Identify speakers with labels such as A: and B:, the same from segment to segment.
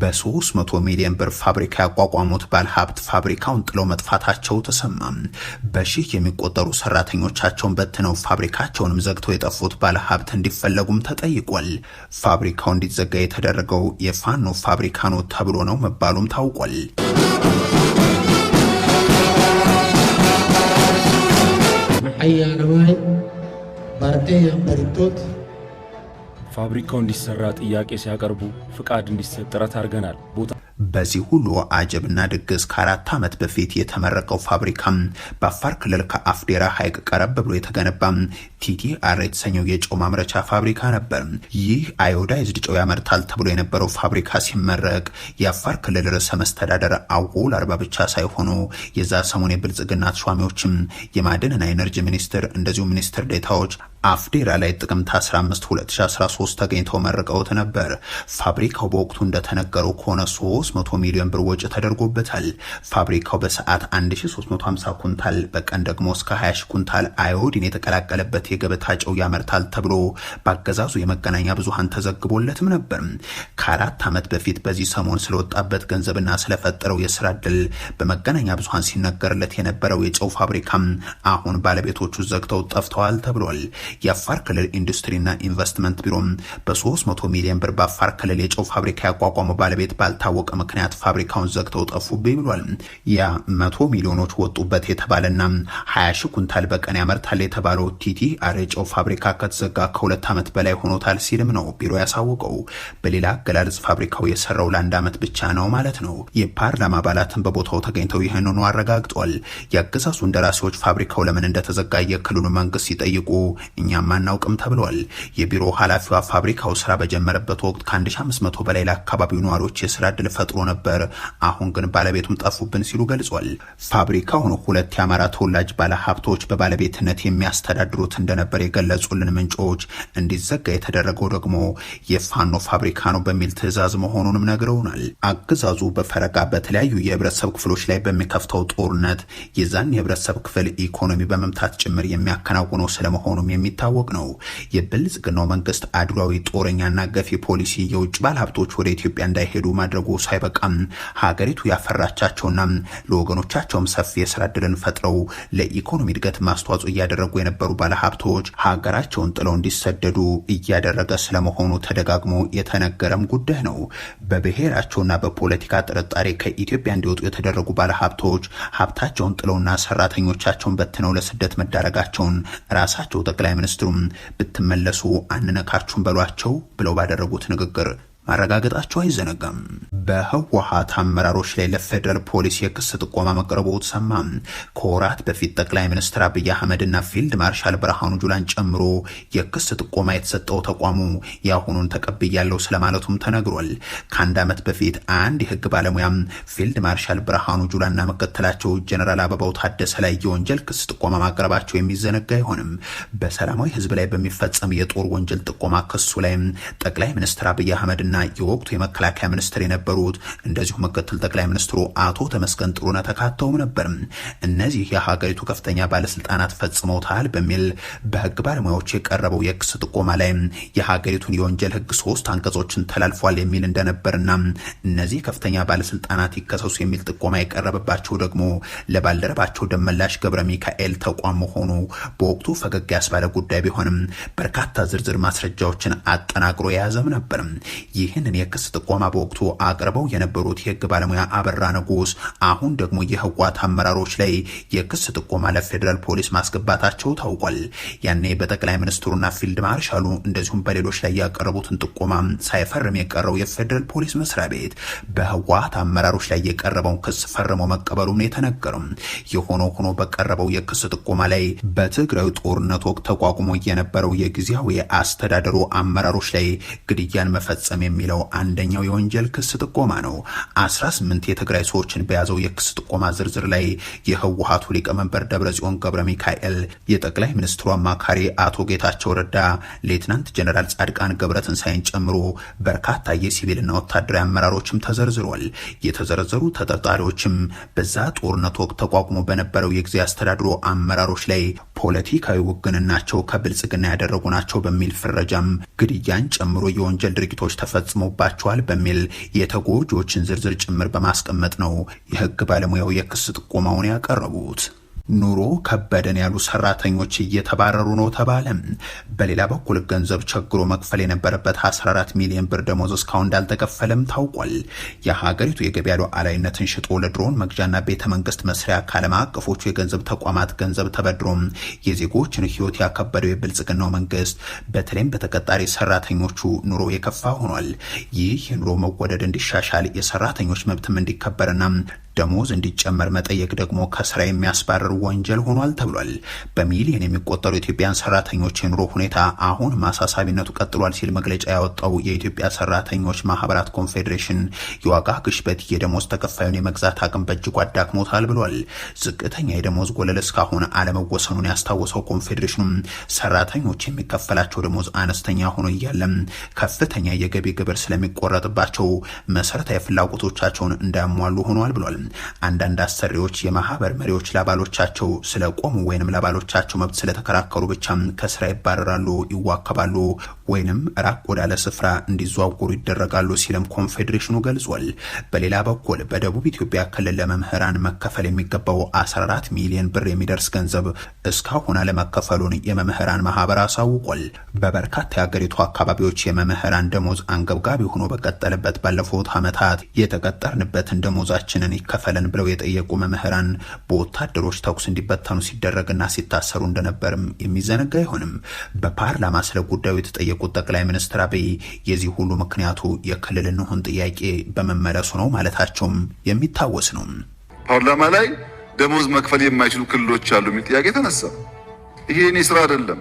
A: በ300 ሚሊዮን ብር ፋብሪካ ያቋቋሙት ባለሀብት ፋብሪካውን ጥለው መጥፋታቸው ተሰማ። በሺህ የሚቆጠሩ ሰራተኞቻቸውን በትነው ፋብሪካቸውንም ዘግተው የጠፉት ባለሀብት እንዲፈለጉም ተጠይቋል። ፋብሪካው እንዲዘጋ የተደረገው የፋኖ ፋብሪካ ነው ተብሎ ነው መባሉም ታውቋል።
B: አያለማይ ባርቴ
C: ፋብሪካው እንዲሰራ ጥያቄ ሲያቀርቡ ፍቃድ እንዲሰጥ ጥረት አድርገናል።
A: በዚህ ሁሉ አጀብና ድግስ ከአራት ዓመት በፊት የተመረቀው ፋብሪካ በአፋር ክልል ከአፍዴራ ሐይቅ ቀረብ ብሎ የተገነባ ቲቲአር የተሰኘው የጨው ማምረቻ ፋብሪካ ነበር። ይህ አዮዳይዝድ ጨው ያመርታል ተብሎ የነበረው ፋብሪካ ሲመረቅ የአፋር ክልል ርዕሰ መስተዳደር አወል አርባ ብቻ ሳይሆኑ የዛ ሰሞን የብልጽግና ተሿሚዎችም የማዕድንና ኤነርጂ ሚኒስትር እንደዚሁ ሚኒስትር ዴታዎች አፍዴራ ላይ ጥቅምት 15 2013 ተገኝተው መርቀውት ነበር። ፋብሪካው በወቅቱ እንደተነገረው ከሆነ 300 ሚሊዮን ብር ወጪ ተደርጎበታል። ፋብሪካው በሰዓት 1350 ኩንታል፣ በቀን ደግሞ እስከ 20 ኩንታል አዮዲን የተቀላቀለበት የገበታ ጨው ያመርታል ተብሎ በአገዛዙ የመገናኛ ብዙሃን ተዘግቦለትም ነበር። ከአራት ዓመት በፊት በዚህ ሰሞን ስለወጣበት ገንዘብና ስለፈጠረው የስራ እድል በመገናኛ ብዙሃን ሲነገርለት የነበረው የጨው ፋብሪካም አሁን ባለቤቶቹ ዘግተው ጠፍተዋል ተብሏል። የአፋር ክልል ኢንዱስትሪና ኢንቨስትመንት ቢሮ በ300 ሚሊዮን ብር በአፋር ክልል የጨው ፋብሪካ ያቋቋመው ባለቤት ባልታወቀ ምክንያት ፋብሪካውን ዘግተው ጠፉብኝ ብሏል። ያ መቶ ሚሊዮኖች ወጡበት የተባለና 20 ሺህ ኩንታል በቀን ያመርታል የተባለው ቲቲ አር የጨው ፋብሪካ ከተዘጋ ከሁለት ዓመት በላይ ሆኖታል ሲልም ነው ቢሮ ያሳወቀው። በሌላ አገላለጽ ፋብሪካው የሰራው ለአንድ ዓመት ብቻ ነው ማለት ነው። የፓርላማ አባላትን በቦታው ተገኝተው ይህንኑ አረጋግጧል። የአገዛዙ እንደራሴዎች ፋብሪካው ለምን እንደተዘጋ የክልሉ መንግስት ሲጠይቁ እኛም አናውቅም ተብሏል። የቢሮ ኃላፊዋ ፋብሪካው ስራ በጀመረበት ወቅት ከ1500 በላይ ለአካባቢው ነዋሪዎች የስራ እድል ፈጥሮ ነበር። አሁን ግን ባለቤቱም ጠፉብን ሲሉ ገልጿል። ፋብሪካውን ሁለት የአማራ ተወላጅ ባለሀብቶች በባለቤትነት የሚያስተዳድሩት እንደነበር የገለጹልን ምንጮች እንዲዘጋ የተደረገው ደግሞ የፋኖ ፋብሪካ ነው በሚል ትዕዛዝ መሆኑንም ነግረውናል። አገዛዙ በፈረቃ በተለያዩ የህብረተሰብ ክፍሎች ላይ በሚከፍተው ጦርነት የዛን የህብረተሰብ ክፍል ኢኮኖሚ በመምታት ጭምር የሚያከናውነው ስለመሆኑም የሚታወቅ ነው። የብልጽግናው መንግስት አድሏዊ ጦረኛና ገፊ ፖሊሲ የውጭ ባለሀብቶች ወደ ኢትዮጵያ እንዳይሄዱ ማድረጉ ሳይበቃም ሀገሪቱ ያፈራቻቸውና ለወገኖቻቸውም ሰፊ የስራ እድልን ፈጥረው ለኢኮኖሚ እድገት ማስተዋጽኦ እያደረጉ የነበሩ ባለሀብቶች ሀገራቸውን ጥለው እንዲሰደዱ እያደረገ ስለመሆኑ ተደጋግሞ የተነገረም ጉዳይ ነው። በብሔራቸውና በፖለቲካ ጥርጣሬ ከኢትዮጵያ እንዲወጡ የተደረጉ ባለሀብቶች ሀብታቸውን ጥለውና ሰራተኞቻቸውን በትነው ለስደት መዳረጋቸውን ራሳቸው ጠቅላይ ጠቅላይ ሚኒስትሩም ብትመለሱ አንነካችሁም በሏቸው ብለው ባደረጉት ንግግር ማረጋገጣቸው አይዘነጋም። በህወሓት አመራሮች ላይ ለፌዴራል ፖሊስ የክስ ጥቆማ መቅረቡ ተሰማ። ከወራት በፊት ጠቅላይ ሚኒስትር አብይ አህመድና ፊልድ ማርሻል ብርሃኑ ጁላን ጨምሮ የክስ ጥቆማ የተሰጠው ተቋሙ የአሁኑን ተቀብያለው ስለማለቱም ተነግሯል። ከአንድ ዓመት በፊት አንድ የህግ ባለሙያም ፊልድ ማርሻል ብርሃኑ ጁላና መከተላቸው ጀነራል አበባው ታደሰ ላይ የወንጀል ክስ ጥቆማ ማቅረባቸው የሚዘነጋ አይሆንም። በሰላማዊ ህዝብ ላይ በሚፈጸም የጦር ወንጀል ጥቆማ ክሱ ላይ ጠቅላይ ሚኒስትር አብይ አህመድና እና የወቅቱ የመከላከያ ሚኒስትር የነበሩት እንደዚሁ ምክትል ጠቅላይ ሚኒስትሩ አቶ ተመስገን ጥሩነህ ተካተውም ነበር። እነዚህ የሀገሪቱ ከፍተኛ ባለስልጣናት ፈጽመውታል በሚል በህግ ባለሙያዎች የቀረበው የክስ ጥቆማ ላይ የሀገሪቱን የወንጀል ህግ ሶስት አንቀጾችን ተላልፏል የሚል እንደነበርና እነዚህ ከፍተኛ ባለስልጣናት ይከሰሱ የሚል ጥቆማ የቀረበባቸው ደግሞ ለባልደረባቸው ደመላሽ ገብረ ሚካኤል ተቋም መሆኑ በወቅቱ ፈገግ ያስባለ ጉዳይ ቢሆንም በርካታ ዝርዝር ማስረጃዎችን አጠናቅሮ የያዘም ነበር። ይህንን የክስ ጥቆማ በወቅቱ አቅርበው የነበሩት የህግ ባለሙያ አበራ ንጉስ አሁን ደግሞ የህወሓት አመራሮች ላይ የክስ ጥቆማ ለፌዴራል ፖሊስ ማስገባታቸው ታውቋል። ያኔ በጠቅላይ ሚኒስትሩና ፊልድ ማርሻሉ እንደዚሁም በሌሎች ላይ ያቀረቡትን ጥቆማ ሳይፈርም የቀረው የፌዴራል ፖሊስ መስሪያ ቤት በህወሓት አመራሮች ላይ የቀረበውን ክስ ፈርሞ መቀበሉም ነው የተነገረው። የሆነ ሆኖ በቀረበው የክስ ጥቆማ ላይ በትግራዩ ጦርነት ወቅት ተቋቁሞ የነበረው የጊዜያዊ አስተዳደሩ አመራሮች ላይ ግድያን መፈጸም የሚለው አንደኛው የወንጀል ክስ ጥቆማ ነው። 18 የትግራይ ሰዎችን በያዘው የክስ ጥቆማ ዝርዝር ላይ የህወሀቱ ሊቀመንበር ደብረጽዮን ገብረ ሚካኤል፣ የጠቅላይ ሚኒስትሩ አማካሪ አቶ ጌታቸው ረዳ፣ ሌትናንት ጀነራል ጻድቃን ገብረትን ትንሳኤን ጨምሮ በርካታ የሲቪልና ወታደራዊ አመራሮችም ተዘርዝሯል። የተዘረዘሩ ተጠርጣሪዎችም በዛ ጦርነት ወቅት ተቋቁሞ በነበረው የጊዜ አስተዳድሮ አመራሮች ላይ ፖለቲካዊ ውግንናቸው ከብልጽግና ያደረጉ ናቸው በሚል ፍረጃም ግድያን ጨምሮ የወንጀል ድርጊቶች ተፈ ተፈጽሞባቸዋል በሚል የተጎጂዎችን ዝርዝር ጭምር በማስቀመጥ ነው የህግ ባለሙያው የክስ ጥቆማውን ያቀረቡት። ኑሮ ከበደን ያሉ ሰራተኞች እየተባረሩ ነው ተባለ። በሌላ በኩል ገንዘብ ቸግሮ መክፈል የነበረበት 14 ሚሊዮን ብር ደሞዝ እስካሁን እንዳልተከፈለም ታውቋል። የሀገሪቱ የገበያ ሉዓላዊነትን ሽጦ ለድሮን መግዣና ቤተ መንግስት መስሪያ ከዓለም አቀፎቹ የገንዘብ ተቋማት ገንዘብ ተበድሮ የዜጎችን ህይወት ያከበደው የብልጽግናው መንግስት በተለይም በተቀጣሪ ሰራተኞቹ ኑሮ የከፋ ሆኗል። ይህ የኑሮ መወደድ እንዲሻሻል የሰራተኞች መብትም እንዲከበርና ደሞዝ እንዲጨመር መጠየቅ ደግሞ ከስራ የሚያስባረር ወንጀል ሆኗል ተብሏል። በሚሊዮን የሚቆጠሩ ኢትዮጵያን ሰራተኞች የኑሮ ሁኔታ አሁን ማሳሳቢነቱ ቀጥሏል ሲል መግለጫ ያወጣው የኢትዮጵያ ሰራተኞች ማህበራት ኮንፌዴሬሽን የዋጋ ግሽበት የደሞዝ ተከፋዩን የመግዛት አቅም በእጅጉ አዳክሞታል ብሏል። ዝቅተኛ የደሞዝ ወለል እስካሁን አለመወሰኑን ያስታወሰው ኮንፌዴሬሽኑም ሰራተኞች የሚከፈላቸው ደሞዝ አነስተኛ ሆኖ እያለም ከፍተኛ የገቢ ግብር ስለሚቆረጥባቸው መሰረታዊ ፍላጎቶቻቸውን እንዳያሟሉ ሆኗል ብሏል። አንዳንድ አሰሪዎች የማህበር መሪዎች ለአባሎቻቸው ስለቆሙ ወይንም ለአባሎቻቸው መብት ስለተከራከሩ ብቻም ከስራ ይባረራሉ፣ ይዋከባሉ፣ ወይንም ራቅ ወዳለ ስፍራ እንዲዘዋወሩ ይደረጋሉ ሲልም ኮንፌዴሬሽኑ ገልጿል። በሌላ በኩል በደቡብ ኢትዮጵያ ክልል ለመምህራን መከፈል የሚገባው 14 ሚሊዮን ብር የሚደርስ ገንዘብ እስካሁን አለመከፈሉን የመምህራን ማህበር አሳውቋል። በበርካታ የአገሪቱ አካባቢዎች የመምህራን ደሞዝ አንገብጋቢ ሆኖ በቀጠለበት ባለፉት ዓመታት የተቀጠርንበትን ደሞዛችንን ይከ ከፈለን ብለው የጠየቁ መምህራን በወታደሮች ተኩስ እንዲበተኑ ሲደረግና ሲታሰሩ እንደነበርም የሚዘነጋ አይሆንም። በፓርላማ ስለ ጉዳዩ የተጠየቁት ጠቅላይ ሚኒስትር አብይ የዚህ ሁሉ ምክንያቱ የክልል እንሁን ጥያቄ በመመለሱ ነው ማለታቸውም የሚታወስ ነው።
D: ፓርላማ ላይ ደሞዝ መክፈል የማይችሉ ክልሎች አሉ የሚል ጥያቄ ተነሳ። ይሄ እኔ ስራ አይደለም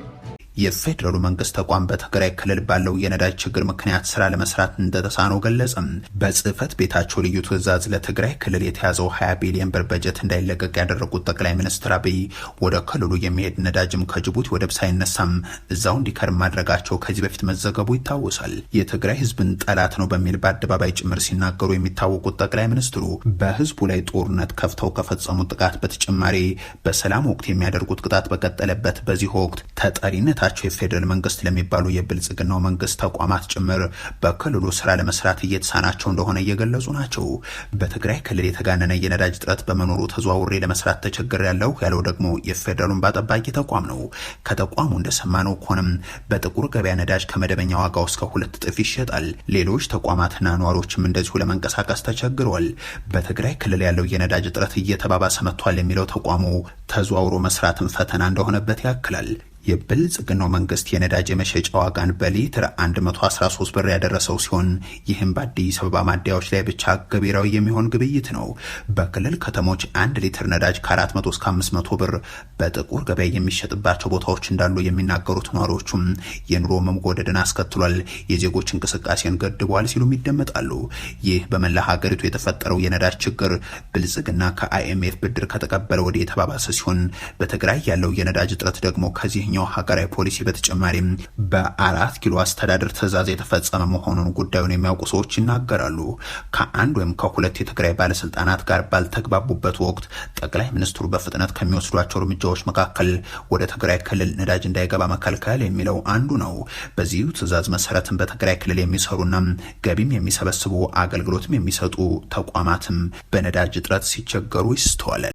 A: የፌዴራሉ መንግስት ተቋም በትግራይ ክልል ባለው የነዳጅ ችግር ምክንያት ስራ ለመስራት እንደተሳነው ገለጸም። በጽህፈት ቤታቸው ልዩ ትዕዛዝ ለትግራይ ክልል የተያዘው 20 ቢሊዮን ብር በጀት እንዳይለቀቅ ያደረጉት ጠቅላይ ሚኒስትር አብይ ወደ ክልሉ የሚሄድ ነዳጅም ከጅቡቲ ወደብ ሳይነሳም እዛው እንዲከርም ማድረጋቸው ከዚህ በፊት መዘገቡ ይታወሳል። የትግራይ ህዝብን ጠላት ነው በሚል በአደባባይ ጭምር ሲናገሩ የሚታወቁት ጠቅላይ ሚኒስትሩ በህዝቡ ላይ ጦርነት ከፍተው ከፈጸሙት ጥቃት በተጨማሪ በሰላም ወቅት የሚያደርጉት ቅጣት በቀጠለበት በዚህ ወቅት ተጠሪነት ያመለከታቸው የፌዴራል መንግስት ለሚባሉ የብልጽግናው መንግስት ተቋማት ጭምር በክልሉ ስራ ለመስራት እየተሳናቸው እንደሆነ እየገለጹ ናቸው። በትግራይ ክልል የተጋነነ የነዳጅ እጥረት በመኖሩ ተዘዋውሬ ለመስራት ተቸግር ያለው ያለው ደግሞ የፌዴራሉን ባጠባቂ ተቋም ነው። ከተቋሙ እንደሰማነው ከሆነም በጥቁር ገበያ ነዳጅ ከመደበኛ ዋጋው እስከ ሁለት እጥፍ ይሸጣል። ሌሎች ተቋማትና ነዋሪዎችም እንደዚሁ ለመንቀሳቀስ ተቸግረዋል። በትግራይ ክልል ያለው የነዳጅ እጥረት እየተባባሰ መጥቷል የሚለው ተቋሙ ተዘዋውሮ መስራትን ፈተና እንደሆነበት ያክላል። የብልጽግናው መንግስት የነዳጅ የመሸጫ ዋጋን በሊትር 113 ብር ያደረሰው ሲሆን ይህም በአዲስ አበባ ማደያዎች ላይ ብቻ ገቢራዊ የሚሆን ግብይት ነው። በክልል ከተሞች አንድ ሊትር ነዳጅ ከ400 እስከ 500 ብር በጥቁር ገበያ የሚሸጥባቸው ቦታዎች እንዳሉ የሚናገሩት ነዋሪዎቹም የኑሮ መምጎደድን አስከትሏል፣ የዜጎች እንቅስቃሴን ገድቧል ሲሉም ይደመጣሉ። ይህ በመላ ሀገሪቱ የተፈጠረው የነዳጅ ችግር ብልጽግና ከአይኤምኤፍ ብድር ከተቀበለ ወደ የተባባሰ ሲሆን በትግራይ ያለው የነዳጅ እጥረት ደግሞ ከዚህ ከተገኘው ሀገራዊ ፖሊሲ በተጨማሪም በአራት ኪሎ አስተዳደር ትዕዛዝ የተፈጸመ መሆኑን ጉዳዩን የሚያውቁ ሰዎች ይናገራሉ። ከአንድ ወይም ከሁለት የትግራይ ባለስልጣናት ጋር ባልተግባቡበት ወቅት ጠቅላይ ሚኒስትሩ በፍጥነት ከሚወስዷቸው እርምጃዎች መካከል ወደ ትግራይ ክልል ነዳጅ እንዳይገባ መከልከል የሚለው አንዱ ነው። በዚሁ ትዕዛዝ መሰረትም በትግራይ ክልል የሚሰሩና ገቢም የሚሰበስቡ አገልግሎትም የሚሰጡ ተቋማትም በነዳጅ እጥረት ሲቸገሩ ይስተዋላል።